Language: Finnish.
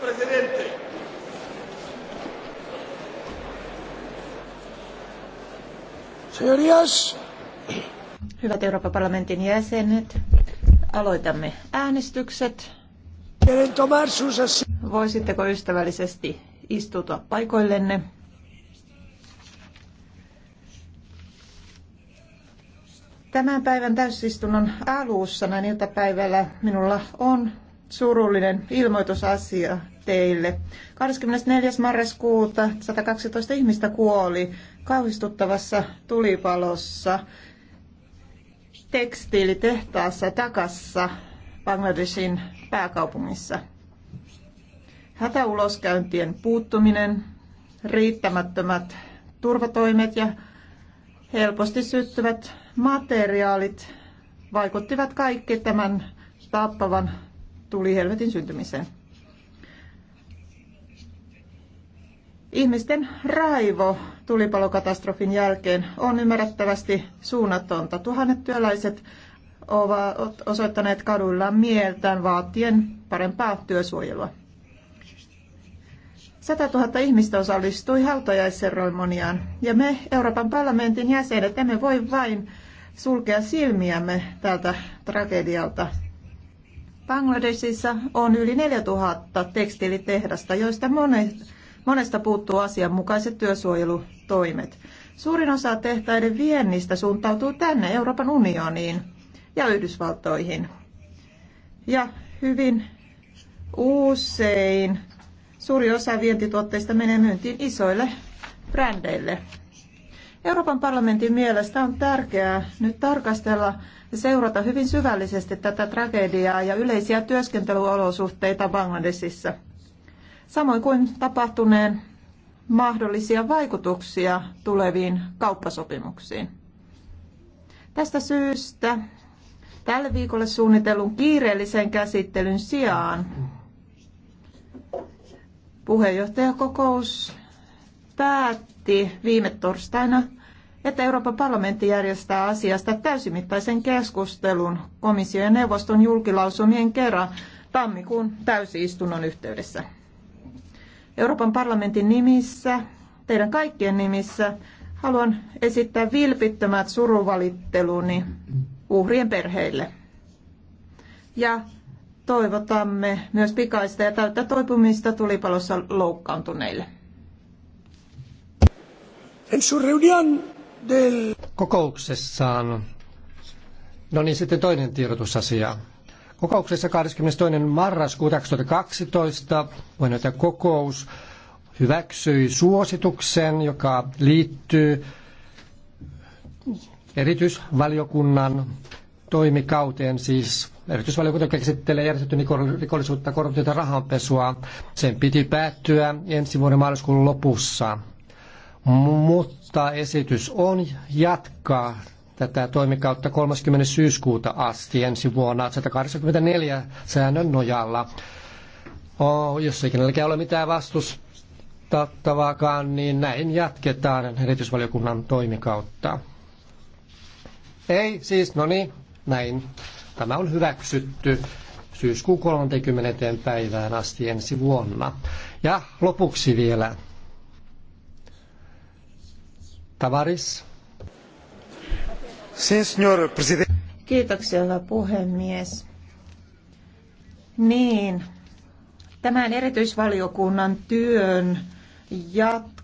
presidente. Señorías. Hyvät Euroopan parlamentin jäsenet, aloitamme äänestykset. Voisitteko ystävällisesti istutua paikoillenne? Tämän päivän täysistunnon alussa näin iltapäivällä minulla on surullinen ilmoitusasia teille. 24. marraskuuta 112 ihmistä kuoli kauhistuttavassa tulipalossa tekstiilitehtaassa Takassa Bangladeshin pääkaupungissa. Hätäuloskäyntien puuttuminen, riittämättömät turvatoimet ja helposti syttyvät materiaalit vaikuttivat kaikki tämän tappavan tuli helvetin syntymiseen. Ihmisten raivo tulipalokatastrofin jälkeen on ymmärrettävästi suunnatonta. Tuhannet työläiset ovat osoittaneet kaduillaan mieltään vaatien parempaa työsuojelua. 100 000 ihmistä osallistui hautajaisseremoniaan ja me Euroopan parlamentin jäsenet emme voi vain sulkea silmiämme tältä tragedialta. Bangladesissa on yli 4000 tekstiilitehdasta, joista monesta puuttuu asianmukaiset työsuojelutoimet. Suurin osa tehtaiden viennistä suuntautuu tänne Euroopan unioniin ja Yhdysvaltoihin. Ja hyvin usein suuri osa vientituotteista menee myyntiin isoille brändeille. Euroopan parlamentin mielestä on tärkeää nyt tarkastella ja seurata hyvin syvällisesti tätä tragediaa ja yleisiä työskentelyolosuhteita Bangladesissa, samoin kuin tapahtuneen mahdollisia vaikutuksia tuleviin kauppasopimuksiin. Tästä syystä tälle viikolle suunnitellun kiireellisen käsittelyn sijaan puheenjohtajakokous päätti viime torstaina että Euroopan parlamentti järjestää asiasta täysimittaisen keskustelun komission ja neuvoston julkilausumien kerran tammikuun täysistunnon yhteydessä. Euroopan parlamentin nimissä, teidän kaikkien nimissä, haluan esittää vilpittömät suruvalitteluni uhrien perheille. Ja toivotamme myös pikaista ja täyttä toipumista tulipalossa loukkaantuneille. En del... kokouksessaan. No niin, sitten toinen tiedotusasia. Kokouksessa 22. marraskuuta 2012 puheenjohtaja kokous hyväksyi suosituksen, joka liittyy erityisvaliokunnan toimikauteen, siis erityisvaliokunta käsittelee järjestetty rikollisuutta, korruptiota ja rahanpesua. Sen piti päättyä ensi vuoden maaliskuun lopussa mutta esitys on jatkaa tätä toimikautta 30. syyskuuta asti ensi vuonna 184 säännön nojalla. Oh, jos ei kenelläkään ole mitään vastustattavaakaan, niin näin jatketaan erityisvaliokunnan toimikautta. Ei, siis no niin, näin. Tämä on hyväksytty syyskuun 30. päivään asti ensi vuonna. Ja lopuksi vielä Tavaris. Senor president. Kiitoksia, hyvä puhemies. Niin, tämän erityisvaliokunnan työn jatko